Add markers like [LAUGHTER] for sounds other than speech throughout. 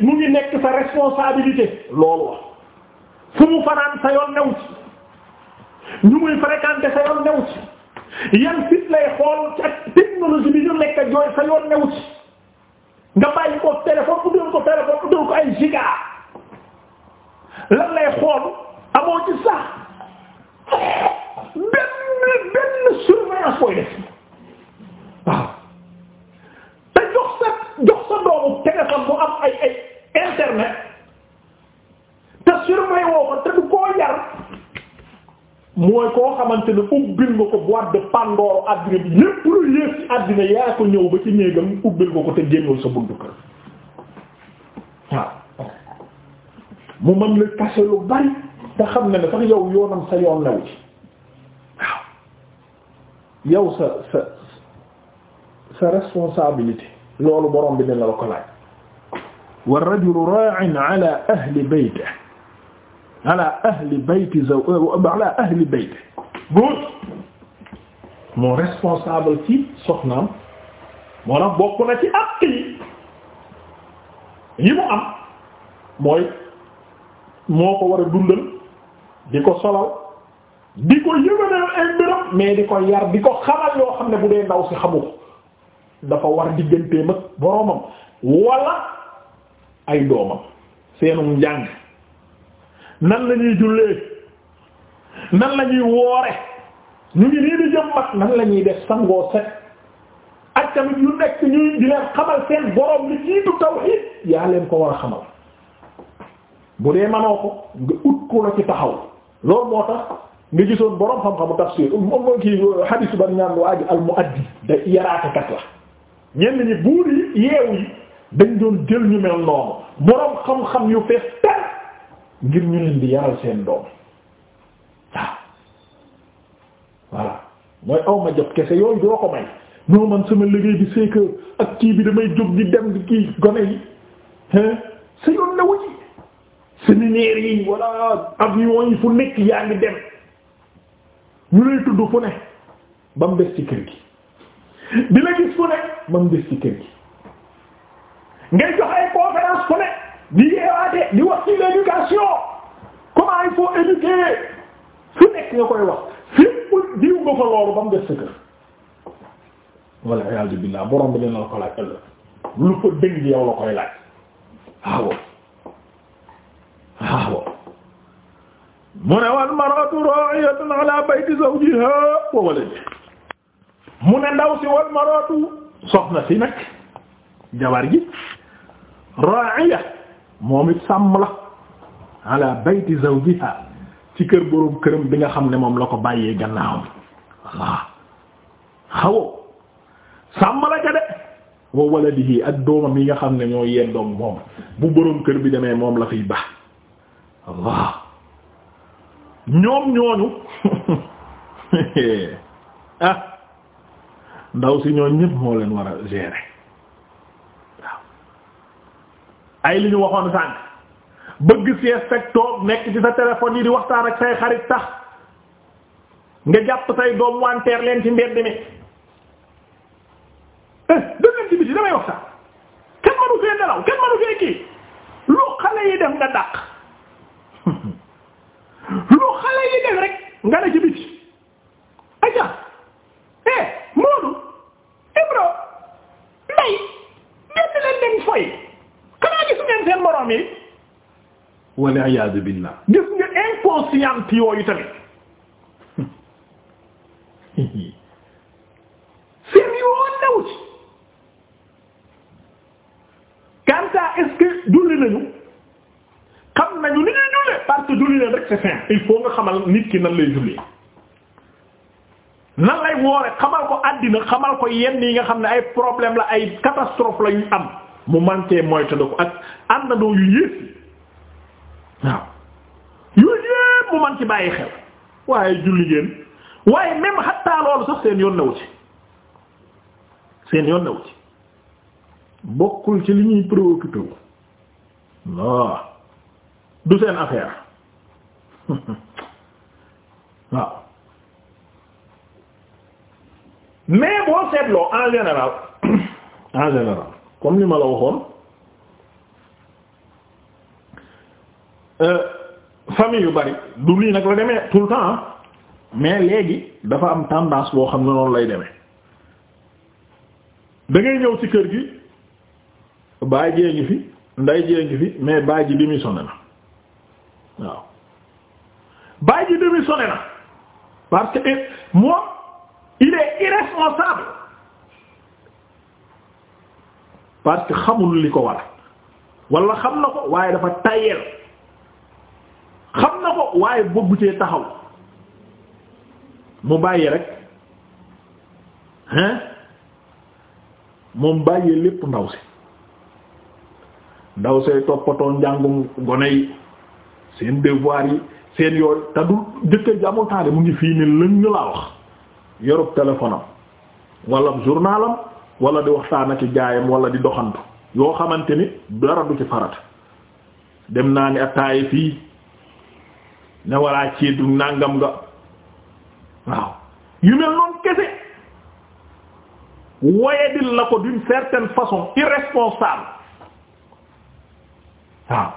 mu ngi nekk sa responsabilité loolu wax fu mu fanaan sa yoon new ci ñu muy fréquenter sa yoon new ci yan fit lay xool ci ak technologie ñu nekk jooy sa yoon new ci nga bàyyi ko téléphone uddal ko téléphone uddal ko ay giga lan lay xool amoo ci sax benn benn surveillance koy def amu téléphone bu am ay ay internet te surveillé woo te du koo yar mooy koo xamante ne ubbil nga ko boîte de Pandore addina lépp lu yées ci addina ko ñëw ba ci néegam ubbil nga ko te génnul sa buntu kër waaw mu mën la kase lu bari te xam ne ne sax yow yoonam sa yoon new ci waaw yow sa sa sa responsabilité loolu borom bi dina la ko laaj wa rajulu ra'in ala ahli moo responsable ci soxnaam moo tax bokk ci àq yi yi am moo ko war a dundal di ko solal di ko yëgalal ay mbiram mais di ko yar di ko xamal yoo xam ne bu dee ndaw si xamu dafa war digganteem ak boroomam wala ay doomam mu njàng nan la ñuy jullee nan la ñuy woore ñu ngi nii di jëm mat nan la ñuy def sangoo set ak tamit yu nekk ñuy di leen xamal seen boroom li jiitu tawhid yaa leen ko war a xamal bu dee manoo ko nga ut ko la ci taxaw lool moo tax nga gisoon boroom xam-xamu tafsir moom moo kii xadisu ban ñaan waa ji al da yaraatekat la ñenn ñi buur yeewu dañ doon jël ñu mel noonu boroom xam-xam yu fees tar ngir ñu leen di yaral seen doom waaw voilà mooy awma jot kese yooyu doo ko may non man sama liggéey bi c'est que ak kii bi damay jóg di dem di kii gone yi sa yoon na wuji séminaire yi walla avion yi fu nekk yaa ngi dem ñu lay tudd fu ne ba mu des ci kër gi di la gis fu ne ba mu gis ci gi ngay jox ay conférence fu ne di yeewaate di wax ci l'éducation comment il faut éduquer fu nekk nga koy wax fépp diw nga ko loolu ba mu des sa kër walla iyaadu billaah borom bi dina la ko laaj ëllëg lu fa dëng di yow la koy laaj waaw waaw mu ne wal mar'atu ra'iyatun ala bayti zawjiha wa waladihi mu ne ndaw si wal maratu soxna si nag jabar ji ra'iya moom it sàmm la ala bayti ci kër boroom bi nga xam ne moom la ko bàyyee gannaaw waaw xawoo sàmm la ca de wa waladihi ak doomam yi nga xam ne ñoo yendoom moom bu boroom kër bi demee moom la fiy baax waaw ñoom ñooñu [LAUGHS] ah ndaw si ñooñ ñëpp moo leen war a gérer waaw ay li ñu waxoon sànq bëgg sieste ak toog nekk ci sa téléphone yi di waxtaan ak say xarit tax nga jàpp say doom wanteer leen ci mbedd mi eh, damay wax kenn mënu fee nelaw kenn mënu fee kii lu xale yi def nga dàq [LAUGHS] lu xale yi def rek nga ne ci biti moroom yi xanaa gis ngeen seen moroom yi walla iyaadu billaah gis nga inconscient yooyu tamit [LAUGHS] seen yoon new ci kantaa est-ce que julli nañu xam nañu ni ñuy jullee parce que julli rek c'est fin il faut nga xamal nit ki nan lay jullee nan lay woore xamal ko àddina xamal ko yenn yi nga xam ne ay problème la ay catastrophe la ñu am mu manqué moytandiku ak àndandoo yu yées yi waaw yooyu yépp mu man ci bàyyi xel waaye julli génn waaye même xattaa loolu sax seen yoon newu ci seen yoon newu ci bokkul ci li ñuy préoccupé wu waaw du seen affaire [LAUGHS] waaw mais boo seetloo en général [COUGHS] en général comme ni ma la waxoon euh, famille yu bari du lii nag la demee tout le temps mais léegi dafa am tendance boo xam ne noonu lay deme dangay ngay ñëw ci kër gi baay jee ngi fi nday jee ngi fi mais baay ji démissionné na waaw baay ji démissionné na parce que moom il irresponsable parce que xamul li ko war wala xam na ko waaye dafa tayeel xam na ko waaye bëggu cee taxaw mu bàyyi rek hein moom bàyyi lépp ndaw si ndaw see toppatoo njàngum gone yi seen devoir yi seen yooyu te du jëkkër ji amul taale mu ngi fii ni lëng laa wax yorub téléphone walla journalam wala di waxtaan ak jaayam wala di doxantu yoo xamante ni dara du ci farata dem naa ni attaaye fii ne waraa ciitu nàngam nga waaw yu mel noonu kese wayedil la ko d'une certaine façon irresponsable waaw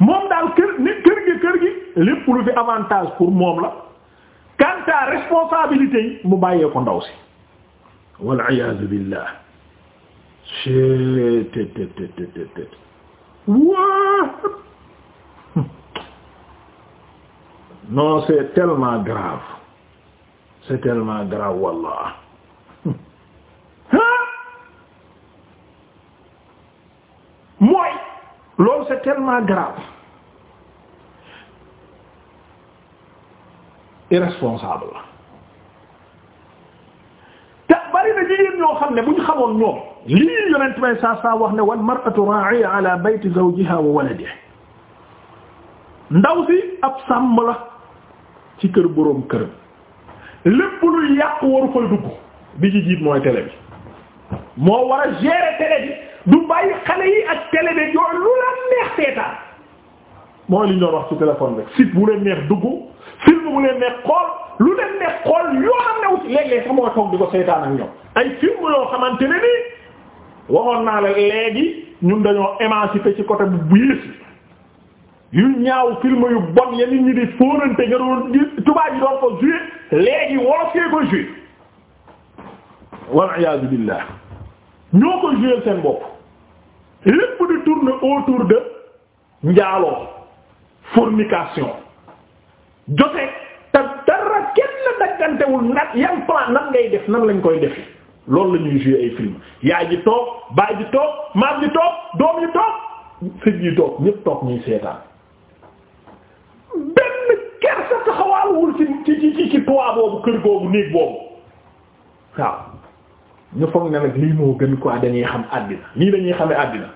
moom daal kër ni kër gi kër gi lépp lu fi avantage pour moom la quant responsabilité yi mu bàyyee ko ndaw si wal iyaazu billah cettttt waa [LAUGHS] non c'est tellement grave c'est tellement grave wallah [LAUGHS] mooy loolu c'est tellement grave irresponsable bari na ci yéen ñoo xam ne bu ñu xamoon ñoom lii yonent may saa saa wax ne wal mar'atu ra'iya ala bayti zawjiha wa waladihi ndaw si ab sàmm la ci kër boroom këram lépp luy yàq waru fay dugg bi ci jiit mooy télé bi moo war a gérer télé bi du bàyyi xale yi ak télé bi yooyu lu la neex seetaan mooy li ñu doon wax ci téléphone rek site bu leen neex dugg film bu leen neex xool lu leen ne xool yoonam ne wuti léeg-léeg sax mooy toog di ko seytaan ak ñoom ay film yoo xamante ne nii waxoon naa la léegi ñun dañoo émancipé ci côté bu biis yu ñaaw film yu bon ya nit ñi di fóonante nga doon tubaab yi doon ko joué léegi wolofee ko joué wal iyaazu billah ñoo ko joué seen bopp lépp di tourne autour de njaaloo fornication joteeg seggantewul nag yan plan nan ngay def nan lañ koy def loolu la ñuy jouer ay film yaay ji toog baay ji toog maam ji toog doom yi toog sëñ yi toog ñépp toog ñuy seetaan benn kersa taxawaaluwul ci ci ci toit boobu kër googu néeg boobu waaw ñu foog ne nag lii moo gën quoi dañuy xam àddina lii dañuy xamee àddina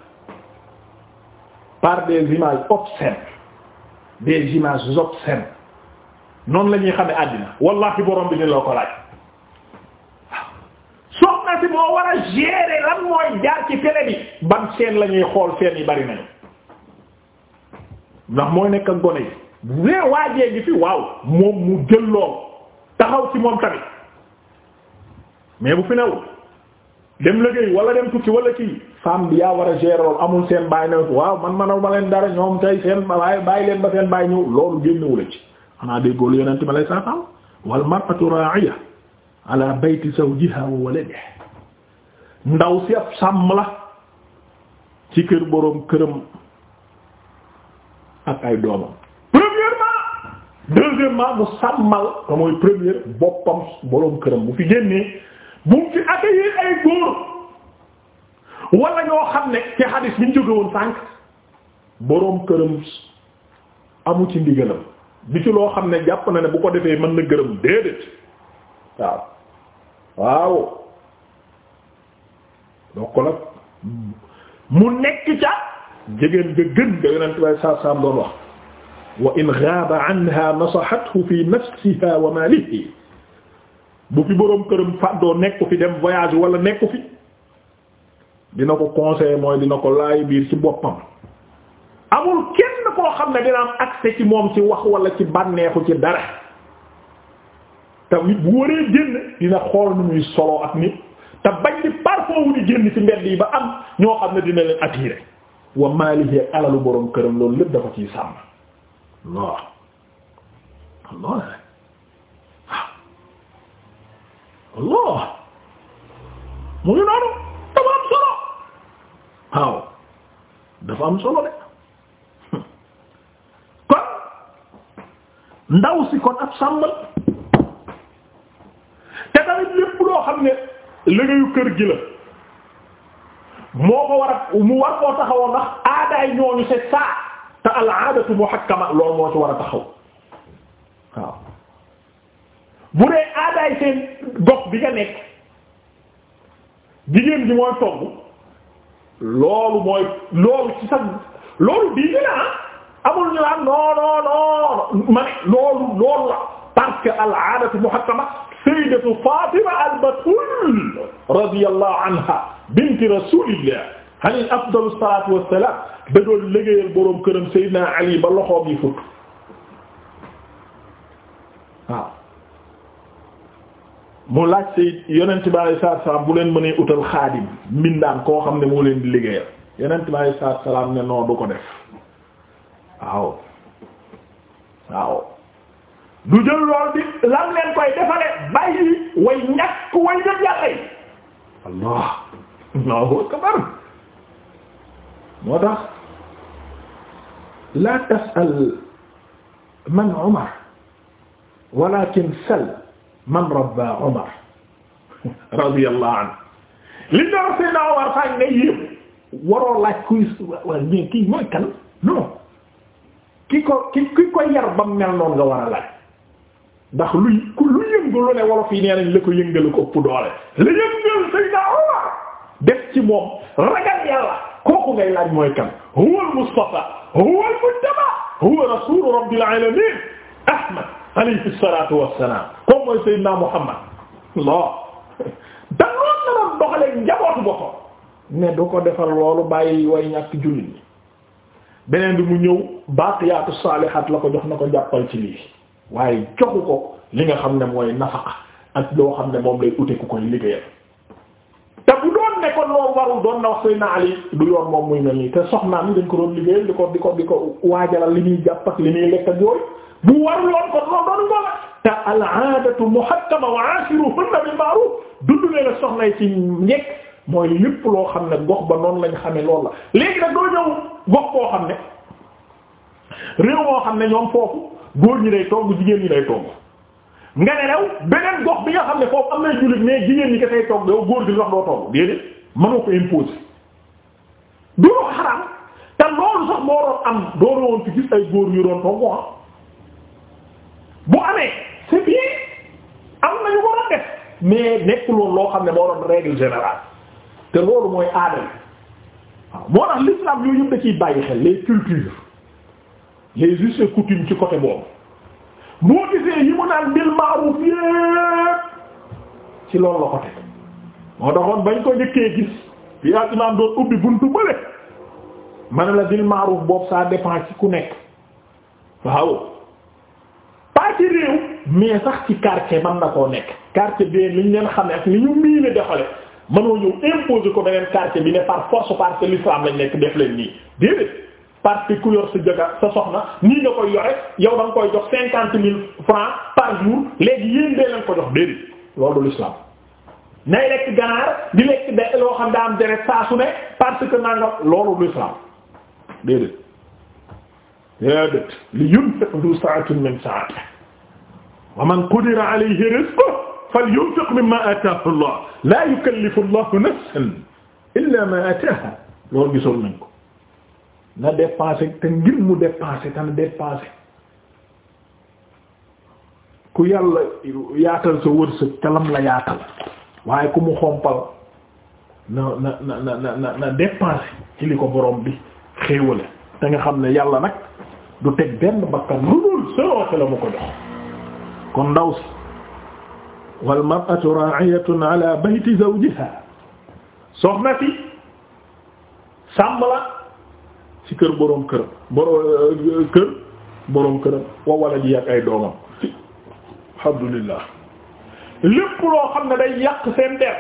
par des images obscènes des images obscènes noonu la ñuy xamee àddina wallahi borom bi dina la ko laaj soxna si moo war a gérer lan mooy jaar ci télé bi ban seen la ñuy xool seen yi bari nañu ndax mooy nekk ak gone yi wee waajee gi fi waaw moom mu jël lool taxaw ci moom tamit mais bu fi newul dem liggéey wala dem tukki wala ci femme bi yaa war a gérer loolu amul seen bàyyi na waaw man manaw ma leen dara ñoom tey seen bàyyi bàyyi leen ba seen bàyyi ñëw loolu génnewula ci xanaa déggoo lu yonent ma lay saa saam wal mar'atu ra'iya ala bayti zawjiha wa waladihi ndaw si ab sàmm la ci kër boroom këram ak ay doomam premièrement deuxièmement mu sàmmal te mooy première boppam boroom këram bu fi génnee bu mu fi accueillir ay góor wala ñoo xam ne ci hadis bi ñu jóge boroom këram amu ci ndigalam bi ci loo xam ne jàpp na ne bu ko defee mën na gërëm déedéet waaw waaw donc nag mu nekk ca jigéen ga gën ga yonent bay saa saam doon wax wa in ghaaba anha nasahathu fi nafsiha wa malihi bu fi boroom këram fàddoo nekku fi dem voyage wala nekku fi dina ko conseiller mooy dina ko laay biir ci boppam amul kenn koo xam ne dina am moom ci wax wala ci bànneexu ci dara te bu waree génn dina ci mbedd yi ba ñoo xam ne dina leen attirer wa maalihi alalu borom këram loolu lépp dafa ciy sàmm waaw Allah Allah dafa am solo waaw dafa am solo de ndaw si ko ab sàmm te tamit lépp loo xam ne liggéeyu kër gi la moo ko war a mu war koo taxawoo ndax aadaay ñooñu c'est ça te al aadatu muhakkama loolu moo ci war a taxaw waaw bu dee aadaay seen gox bi nga nekk jigéen ji mooy togg loolu mooy loolu ci sa loolu bii nga ah amul ñu naan non non non ma ne loolu loolu la parce que al aadatu muhakkama sayyidatu Fatima al Batul radiyallahu anha bint rasulillah alayhi afdalu salaatu wassalaam da doon liggéeyal boroom këram Seydina Ali ba loxoom yi fut waaw mu laaj Seyd Yonent bi alayhi salaatu wassalaam bu leen mënee utal xaadim mbindaan koo xam ne moo leen di liggéeyal Yonent bi alayhi salaatu wassalaam ne non du ko def. waaw waaw du jël lool bi lan leen koy defale bàyyi way ñàkk way jëm yàlla yi allah allahu akbar moo tax la tasal man umar walakin sal man rabba umar radiyallahu anhu li dara Seydina Umar faa ngay yéem waroo laaj kuy waa ñii kii mooy kan non ki ko ki ki ko yar ba mu mel noonu nga war a laaj ndax luy lu yëngu lu ne wolof yi nee nañ la ko yëngal ko ëpp doole la yëngal Seydina Omar def ci moom ragal yàlla kooku ngay laaj mooy kan huwa al-Mustafa huwa al-Muntaba huwa rasulu rabbil alamin Ahmad alayhi salatu wassalam kooku mooy Seydina Muhammad Allah da loolu na doon doxalee njabootu boppam mais du ko defal loolu bàyyi way ñàkk jullit ñi beneen bi mu ñëw baaqiyaatu saalihaat la ko jox na ko jàppal ci lii waaye joxu ko li nga xam ne mooy nafaqa ak loo xam ne moom lay ute ku koy liggéeyal te bu doon ne kon loolu warul doon na wax Seydina Ali du yoon moom muy mel nii te soxnaam dañ ko doon liggéeyal di ko di ko di ko waajalal li ñuy jàpp ak li ñuy lekk ak yooyu bu warul woon kon doon ko la te al aadatu muhakkama wa aashiruhunna bil ma'ruf dundu leen soxna yi ci njekk mooy lépp loo xam ne gox ba noonu lañ xame loolu la léegi nag doo ñëw gox koo xam ne réew moo xam ne ñoom foofu góor ñi day togg jigéen ñi day togg nga ne rew beneen gox bi nga xam ne foofu am na jullit mais jigéen ñi kay togg góor gi wax doo togg déedéet mënoo ko imposer du ko xaraam te loolu sax moo doon góor yu doon togg ah. am na ñu war a mais nekkul woon loo xam ne moo doon règle générale. te loolu mooy aada waaw moo tax l'islam yooyu yëpp da bàyyi xel les cultures les us coutumes ci côté boobu boo gisee yi mu naan bil ma'ruf yépp ci loolu la ko teg moo taxoon bañ ko njëkkee gis bi al imam doon ubbi buntu bële ma ne la bil ma'ruf boobu ça dépend ci ku nekk waaw pas ci réew mais sax ci quartier man na koo nekk quartier bi liñ leen xam ne ak li ñu miine doxale mënoo ñëw imposer ko beneen quartier bi ne par force parce que l'islam lañ nekk def leen nii déedéet parce que ku sa soxna nii nga koy yore yow da koy jox cinquante mille francs par jour léegi yéen dee leen ko jox déedéet loolu du l'islam nay lekk ganaar di lekk de loo xam daa am deret saa su ne parce que nanga loolu du l'islam déedéet déedéet li yunfiq du sa'atin min sa'atihi wa man qudira alayhi rizquhu falyunfiq mimma ataahu Allah la yukallifu Allahu illa ma ataaha loolu gisoon nañ ko na dépensé te ngir mu dépensé te na dépensé ku yàlla yaatal sa wërsëg te lam la yaatal waaye ku mu xompal na na na na na na ci li ko borom bi xéewale te nga xam ne yàlla nag du teg benn bakkan lu dul soo la mu ko jox kon ndaw si wal mar'atu ra'iyatun ala bayti zawjiha soxna si sàmm la ci kër boroom kër boroom euh, kër boroom këram wa waladi ay doomam alhamdulillah lépp loo xam ne day yàq seen der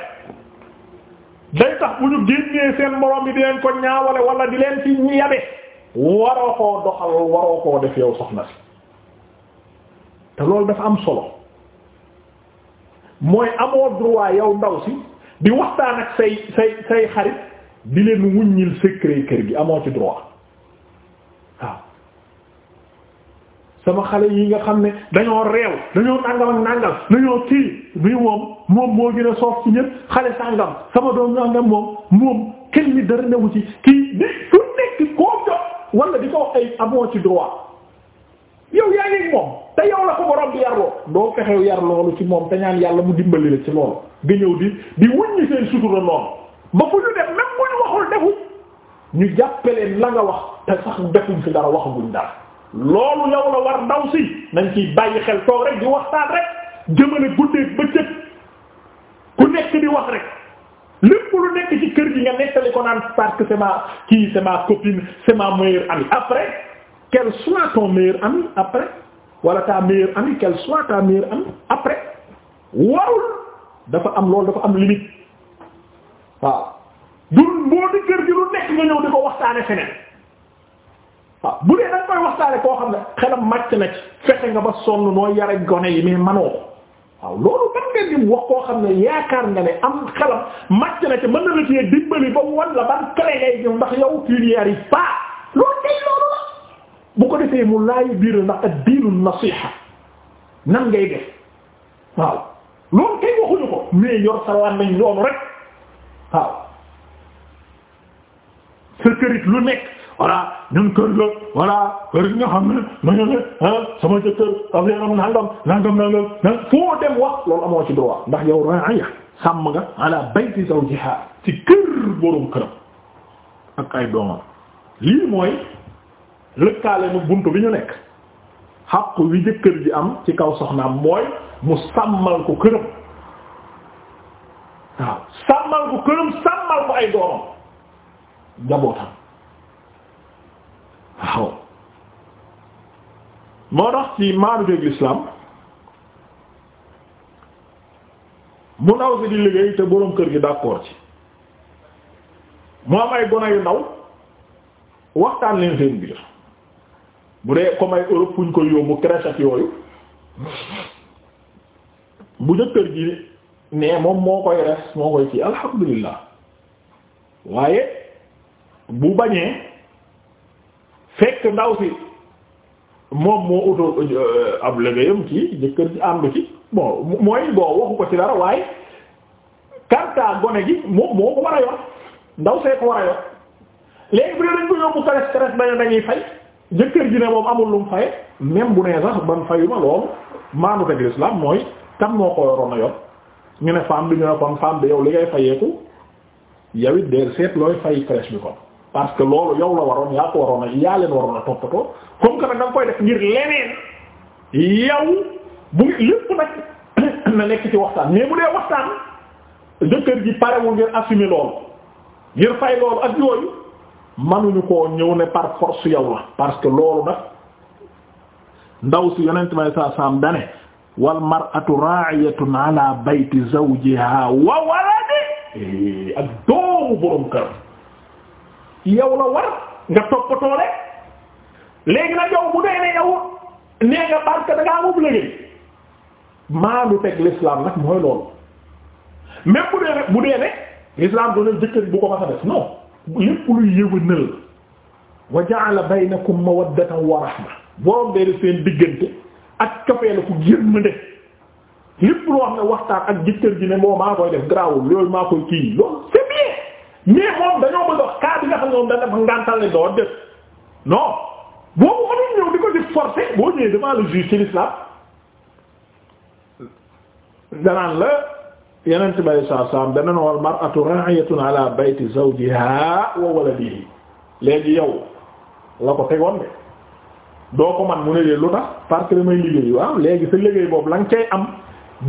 day tax bu ñu génnee seen moroom bi di leen ko ñaawale wala di leen ci ñabe waroo doxal waroo koo def yow soxna si loolu dafa am solo mooy amoo droit yow ndaw si di waxtaan ak say say say xarit di leen wuññil secret kër gi amoo ci droit waaw sama xale yi nga xam ne dañoo réew dañoo nàngam ak nàngam dañoo kii bi moom moom moo gën a soof ci ñëpp xale sàngam sama doom nàngam moom moom kenn mi dara newu ci kii di nekk koo jot wala di ko wax ay amoo ci droit ci yaroo doo fexew yar loolu ci moom te ñaan yàlla mu dimbali la ci loolu nga ñëw di di wuññi seen sutura noonu ba fu ñu dem même bu waxul defu ñu jàppaleen la nga wax te sax defuñ fi dara waxaguñ dara loolu yow la war ndaw si nañ ciy bàyyi xel toog rek di waxtaan rek jëmale guddeeg bëccëg ku nekk di wax rek lépp lu nekk ci kër gi nga nettali ko naan parce que c'est ma kii c'est ma copine c'est ma meilleure après quel soit ton meilleur ami après wala ta meilleure amie qu'elle soit ta meilleure après warul dafa am loolu dafa am limite waaw du boo di kër gi lu nekk nga ñëw di ko waxtaane feneen waaw bu dee dañ koy waxtaane koo xam ne xelam màcc na ci fexe nga ba sonn noo yare gone yi mais manoo ko waaw loolu ban nga dim wax koo xam ne yaakaar nga ne am xelam màcc na ci mën na la ci dimbali ba wan la ban ngay ñëw ndax yow tu n'y arrives pas loolu day loolu la bu ko defee mu laaj biir ndax ak diinu nasiha nan ngay def waaw loolu kay waxuñu ko mais yor sa làmmiñ noonu rek waaw sa kërit lu nekk voilà ñun kër la voilà kër gi nga xam ne nañu ne ah, sama jëkkër affaire am nangam nangam nangam nag foo dem wax loolu amoo ci droit ndax yow raaya sàmm nga ala bayti zawjiha ci kër borom këram ak ay doomam lii mooy lëkkaale nu buntu bi ñu nekk xàqu wi jëkkër ji am ci kaw soxnaam mooy mu sàmmal ko këram waaw sàmmal ko këram sàmmal ko ay doomam jabootam waaw moo tax ci maanu dégg l'islam mu si di liggéey te boroom kër gi d'accord ci mu am ay gone yu ndaw waxtaan leen seen biir bu dee comme ay Europe fu ñu koy yóbbu crèche ak yooyu bu jëkkër gi ne moom moo koy res moo koy ci alhamdulilah waaye bu bañee fekk ndaw si moom moo auto euh, ab liggéeyam ci jëkkër ji àndu ci bon mooy boo waxu ko ci dara waaye karta gone gi moom moo ko war a yor ndaw see ko war a bu dee dañ ko yóbbu crèche crèche dañuy fay jëkkër ji ne moom amul lu mu faye même bu nee sax ban fayuma loolu maanu teg l'islam mooy tam moo ko yoroon a yor ñu ne femme bi ñu ne kon bi yow li ngay fayeeku yow it de seet looy fay crèche bi kon parce que loolu yow la waroon yaa ko waroon a yaa leen waroon a toppatoo comme que nag da nga koy def ngir leneen yow bu lépp nag [CLEARS THROAT] na nekk ci waxtaan mais bu dee waxtaan jëkkër ji parewul ngir assumer loolu ngir fay loolu ak yooyu manuñu koo ñëw ne par force la parce que loolu nag ndaw si yonent may saa dane wal mar'atu ra'iyatun ala bayti zawjiha wa waladi eh, ak doomu borom kër yow la war nga toppatoo rek léegi nag yow bu dee ne yow nee nga parce que moom léegi maanu teg l'islam nag mooy loolu même bu dee ne bu dee ne l'islam doon jëkkër bu ko ma sa lépp luy yëwënal wa ja'ala baynakum mawaddatan wa rahma borom bee def seen diggante ak cofeela ku yërmande lépp loo xam ne waxtaan ak jëkkër gi ne moo maa koy def garaawul loolu maa koy kii loolu c'est bien dañoo bëgg a wax nga xam ne moom dañ ngàntal ne doo def non boobu mënul ñëw di ko di forcer boo ñëwee devant le juge ci l'islam danaan la yeneen bay saa saam beneen wal mar'atu ra'iyatun ala bayti zawjiha wa waladihi léegi yow la ko tegoon de doo ko man mu ne leen lu tax parce que damay liggéey waaw léegi sa liggéey boobu la nga cay am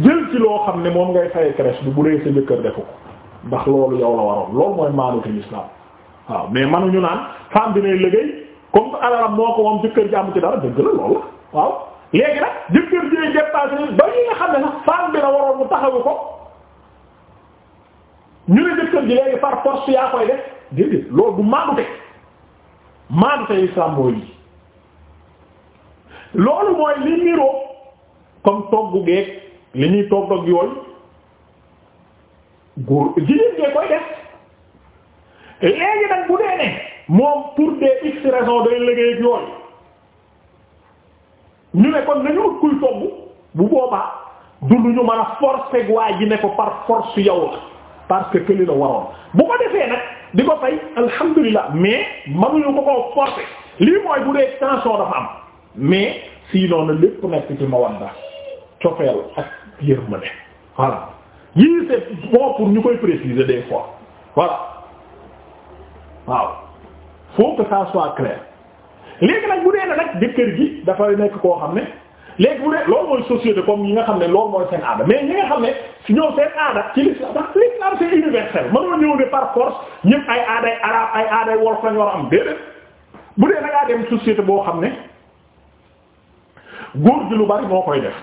jël ci loo xam ne moom ngay faye crèche bi bu dee sa jëkkër defu ko ndax loolu yow la waroon loolu mooy maanuti l'islam waaw mais manuñu naan femme bi ne liggéey comme alalam moo ko moom jëkkër ji am ci dara dëgg la loolu la waaw léegi nag jëkkër ji ñu ne jëkkër ji léegi par force yaa koy def déedéet loolu du maanute maanute islam mooy lii loolu mooy li niroo comme togg geeg li ñuy togg ak yooyu góor jigéen gee koy def léegi nag bu dee ne moom pour des x raisons day liggéey yooyu ñu ne kon nañu kuy togg bu boobaa du lu ñu mën a forcer ji ne ko par force yow la parce que këli la waroon bu ko defee nag di ko fay alhamdulilah mais mënuñu ko koo forcer lii mooy bu dee tension dafa am mais sinon na lépp nekk ci mawadda cofeel ak yërmande voilà yii c'est bon pour ñu koy préciser des fois waaw faut que ça léegi nag bu dee nag jëkkër gi dafay nekk koo xam ne léegi bu dee loolu mooy société comme nga xam ne loolu mooy seen aada mais ñi nga xam ne su ñëw seen aada ci l'islam ndax l'islam c'est universel mënoo ñëw ne par force ñëpp ay aaday arab ay aaday wolof lañ war a am bu dee da ngaa dem société boo xam ne góor gi lu bari moo koy def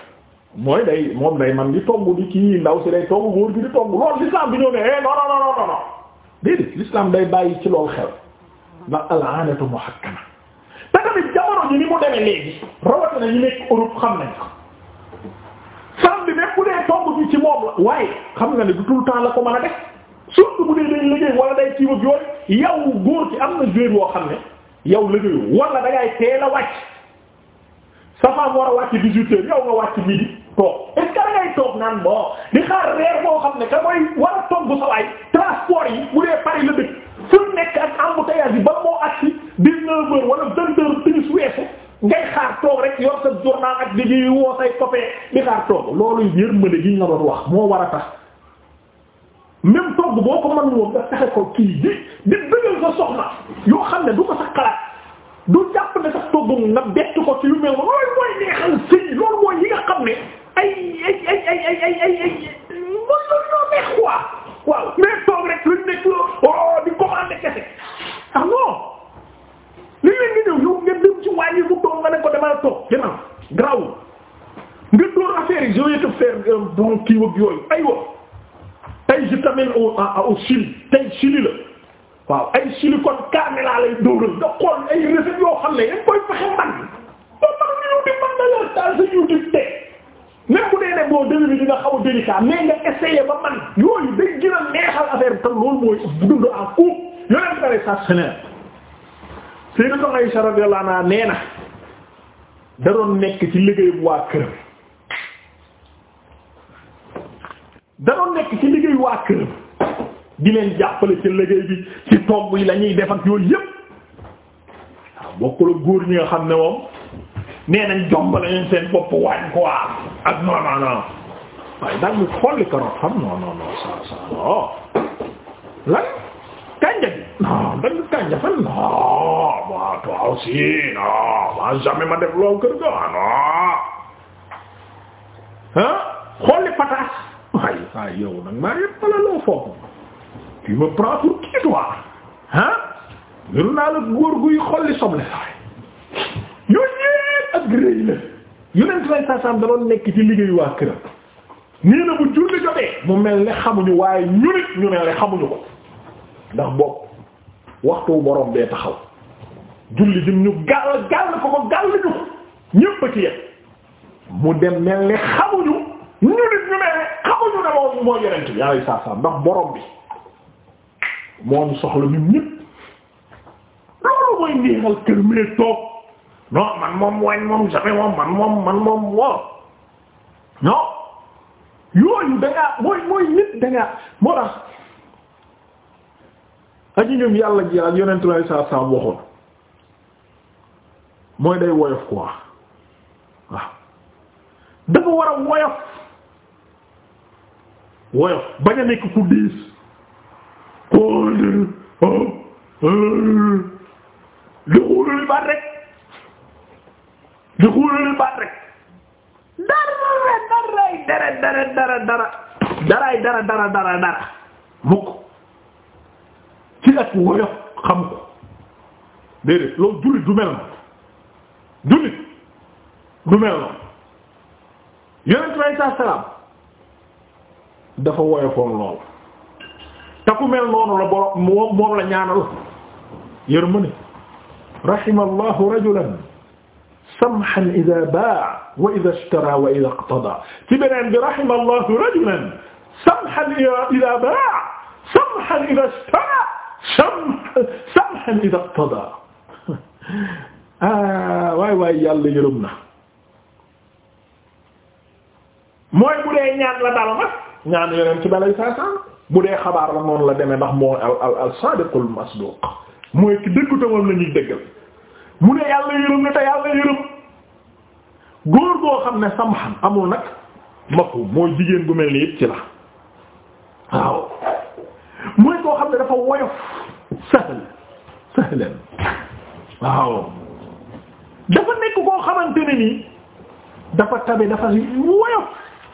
mooy day moom day man di togg di kii ndaw si day togg góor gi di togg loolu l'islam bi ñëw ne eh non non non non non déedéet day bàyyi ci loolu xel ndax al muhakkama wax ni ni mu demee léegi rawatina ñu nekk Europe xam nañ ko sàmm bi même bu dee tomb bi ci moom la waaye xam nga ne du tout le temps la ko mën a def surtout bu dee day liggéey wala day ciib ak yooyu yow góor ci am na joueur yoo xam ne yow liggéeyu wala da ngay teel a wàcc sa femme war a wàcc 18 heures yow nga wàcc midi toog est ce que da ngay toog naan bon di xaar reer boo xam ne ka mooy war togg sa waay transport yi bu dee Paris la dëkk fu nekk ak embouteillage yi ba moo agsi dix-neuf heures wala vingt heures plus weesu ngay xaar toog rek yor sa journal ak di gi woo say di xaar toog loolu yërmande gi ñu la doon wax moo war a tax même togg boo ko mën woon nga fexe ko kii di di bëggal sa soxna yoo xam ne du ko sax xalaat du jàpp ne sax togg nga bett ko ci yu mel mooy mooy ne ay ay ay ay ay ay ay ay non non non mais quoi waaw mais toog rek luñ nekk oh di commander kese ah non li leen di ñëw yow nga dem ci wàññi bu toog nga ne ko demal toog demal grawul nga door affaire yi je vais te faire bon kii wëg yooyu aywa tey je t'amène au au Chili tey Chili la waaw ay Chili kon carne laa lay dóoral nga xool ay recettes yoo xam ne dañ koy fexe man ba man ñu di man na la taal sa YouTube tey même bu boo début bi dina xaw a délicat mais nga essayé ba man yooyu day gën a neexal affaire bi te loolu mooy dund à coup yonent bare nee na doon nekk ci liggéey bu waa këram da nekk ci liggéey waa këram di leen jàppale ci liggéey bi ci tomb yi la ñuy def ak yooyu yépp waaw bokkul góor ñi nga xam ne moom nee nañ jombale ñu seen bopp waañ ko waa ak non non non waaye daal mu xolli carotte xam non non non ça ça non lan kanja kanja fan non moi toi aussi non moi jamais def loolu kër ga non hein pataas waaye waaye yow nag maa yëpp bala loo foofu tu me prends pour qui toi hein guy xolli soble saay ak rëy la yonent lay saasaam da doon nekk ci liggéeyu waa këram nee na bu julli jotee mu mel ni xamuñu waaye ñu nit ñu mel ne xamuñu ko ndax bopp waxtu borom bee taxaw julli jëm ñu gàll gàll ko ko gàll ñu ko ñépp a ci yet mu dem mel ne xamuñu ñu nit ñu mel xamuñu ne moom moo yonent bi alayhi salaam ndax borom bi moo soxla ñun ñépp loolu mooy neexal kër mee toog non man moom wañ moom jamais moom man moom man moom woo non yooyu da mooy mooy nit da ngaa moo tax aji ñoom yàlla ji ak yonentu saa saa waxoon mooy day woyof quoi waaw dafa war a woyof woyof bañ a nekk ku diis ko li xoolali baat rek. di xuurali baat rek dara dara dara dara dara dara dara dara dara mukk ci woyof xam ko déedéet loolu jullit du mel noonu jullit du mel noonu yonent bi saa salaam dafa woyofoon lool te mel noonu la borom moom moom la ñaanal yërmande rahimallahu rajulan samhan idha baa wa idha ishtara wa idha iqtada ci beneen bi rahima allahu rajulan samhan idha baa samhan idha ishtara samhan idha iqtada [LAUGHS] ah, waay waay yàlla yërëm na mooy bu dee ñaan la dal nag ñaan yeneen ci balay saa saa bu dee xabaar la noonu la demee ndax moo al al al sadiqul masduq mooy ki dëggu te moom la ñuy dëggal mu ne yàlla yërëm ne te yàlla yërëm góor goo xam ne samhan amul nag mafhum mooy jigéen bu mel ni yëpp ci la waaw mooy koo xam ne dafa woyof sahl sahlan waaw dafa nekk koo xamante ne nii dafa tabe dafa woyof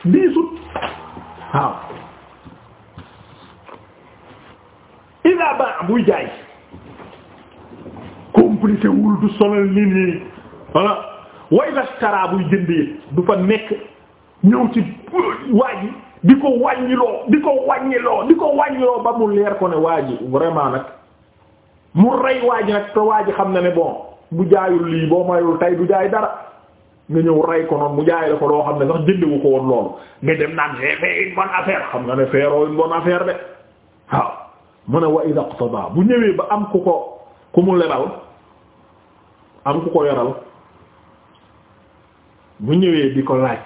diisut waaw ila ba buy jaay compliqué wul du sonal nit ñi voilà way lastara buy jënd du fa nekk ñëw ci waa di ko wàññiloo di ko wàññiloo di ko wàññiloo ba mu leer ko ne waa ji vraiment nag mu rey waa ji nag te waa ji xam na ne bon bu jaayul lii boo mayul tey du jaay dara nga ñëw rey ko noonu mu jaay la ko loo xam ne sax jëndewu ko woon loolu nga dem naan j'ai eh, fait une bonne affaire xam nga ne feeroo une bonne affaire de waaw mu ne wa idaqtada bu ñëwee ba am ku ko ku mu lebal am ku ko yoral bu ñëwee di ko laaj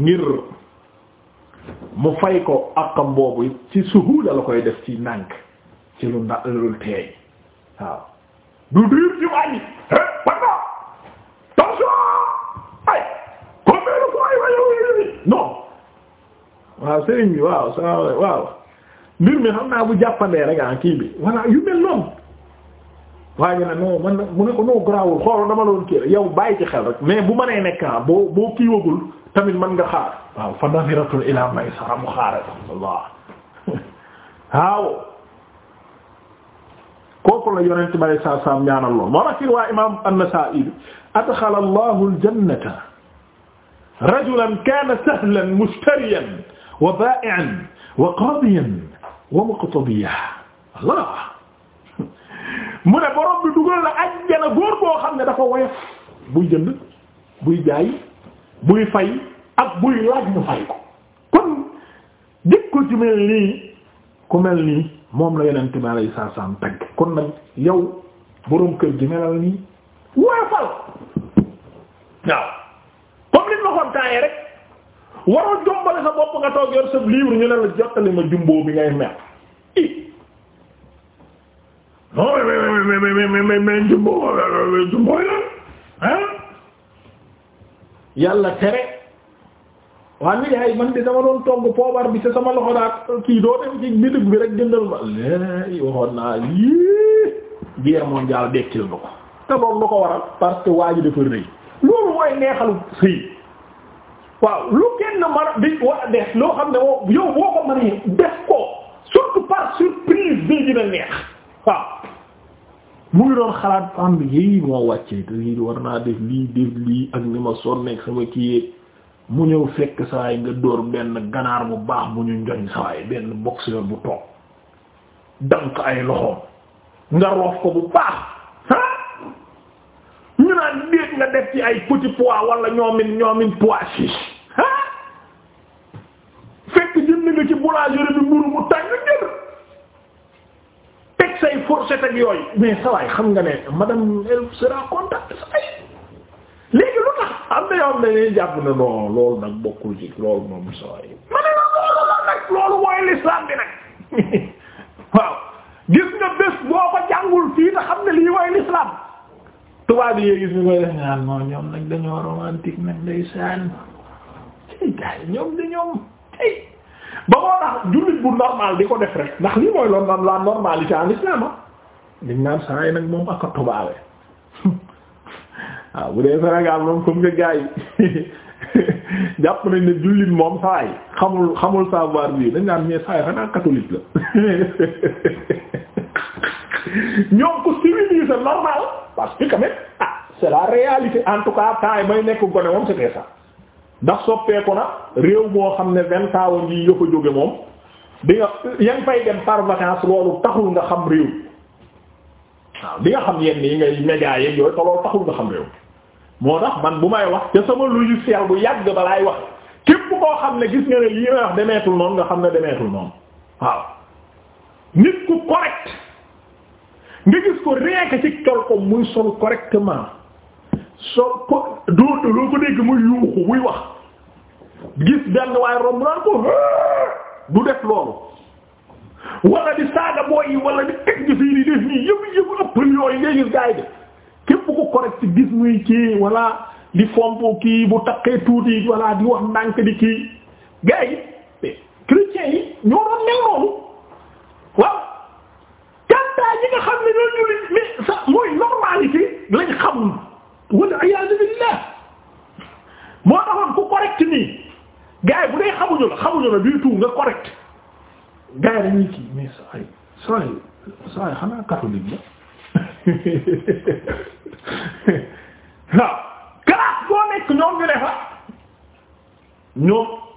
ngir mu fay ko akam boobu ci suhuda la koy def ci nànk ci lu nda- lu teey waaw du diir ci wàññi pardon tension ay combien de fois yi ma yow yi non waaw sëriñ bi waaw sa waaw mbir mi xam naa bu jàppandee rek ah kii bi voilà yu mel noonu waaye nag non man mu ne ko non garaawul xool dama loon kii yow bàyyi ci xel rek mais bu mënee nekk ah boo boo kii wagul tamit mën nga xaar waaw fa nafiratun ila maysara mu xaare Allah [LAUGHS] waaw kooku la yonent bi alayhi salaatu salaam ñaanal lool moo tax waa imaam an-Nasaa'i adxala Allahu al-jannata rajulan kaana sahlan mushtariyan wa baa'i'an wa qaadiyan wa muqtadiya Allah mu ne borom bi dugal la ajjana góor boo xam ne dafa woyof buy jënd buy jaay buy fay ak buy laaj mu fay ko kon jikko ju mel nii ku mel nii moom la yeneen bi aleyi saa saam tagg kon nag yow borom kër gi melal nii woyofal waaw comme liñ waxoon temps rek waroo jombale sa bopp nga toog yor sa livre ñu ne la jottali ma jumbo bi ngay mel i non mais mais jumbo jumbo yi ah yàlla tere waaw ni yaay man di dama doon togg poobar bi ci sama loxo daal kii doo dem ci bitig bi rek jëndal ma léegi waxoon naa yii guerre mondiale dekkil na ko te loolu loolu mooy neexalu sëy waaw lu kenn mën a di war loo xam ne yow boo ko mënee def ko surtout par surprise bii dina neex waaw mu ngi doon xalaat fan bi yii moo wàccee te lii war naa def lii def lii ak ni ma sonneeg sama kii mu ñëw fekk sawaay nga dóor benn ganaar bu baax bu ñu njoñ sawaay benn boxeur bu toog ko ay loxoom nga roof ko bu baax naan déet nga def ci ay petit pois wala ñoomin ñoomin pois chiche fekk jënd nga ci boulangerie bi mburu mu tàng jër teg say fourchette ak yooyu mais sawaay xam nga ne madame elle sera contente sawaay léegi lu tax am na yoo xam ne jàpp ne non loolu nag bokkul ci loolu moom sawaay ma loolu loolu mooy l'islam bi nag [LAUGHS] waaw gis nga bés boo jàngul fii te xam ne lii mooy l'islam tubaab yi gis ñu koy def naan non ñoom nag dañoo romantique nag day saan ci gaay ñoom di ñoom tey ba moo tax jullit bu normal ko def ndax lii mooy ah. naan la yi nag moom ak a tubaabe waaw [LAUGHS] ah, bu dee Sénégal moom comme que gars [LAUGHS] jàpp nañ ne jullit moom saa xamul xamul savoir bi dañ naan mais saa xanaa catholique la [LAUGHS] ñoom ko civilisé normal. parce que quand même ah c'est la réalité en tout cas temps yi may nekk gone moom c'était ça ndax soppeeku na réew moo xam ne vingt ans ngi ko a jóge moom di nga yan fay dem par vacances loolu taxul nga xam réew waaw nga xam yenn yi ngay média yeeg nga xam moo tax man bu may wax te sama logiciel bu yàgg balaay wax képp koo xam ne gis nga ne lii may wax demeetul noonu nga xam ne demeetul noonu waaw nit ku correct nga gis ko rien que ci col ko muy sol correctement sol ko doo doo ko dégg muy yuuxu muy wax gis benn waaye romb naan ko du def loolu wala di saaga booy yi wala di teg di fii di def nii yëpp yëpp ëppal yooyu ngay gis gaay de képp ko correct gis muy kii wala di fomp kii bu taqee tuuti wala di wax ndànk di kii gaay yi chrétiens yi ñoo doon mel noonu kantaa ñi nga xam ne ñoo ñu mais sa mooy normalité lañ xamul walla iyaadu billah moo taxoon ku correct nii gars yi bu dee xamuñu la xamuñu la du tout nga correct gars yi dañuy kii mais saa yi saa yi saa yi xanaa catholique la waaw classe boo nekk ñoom ñu ne fa ñoom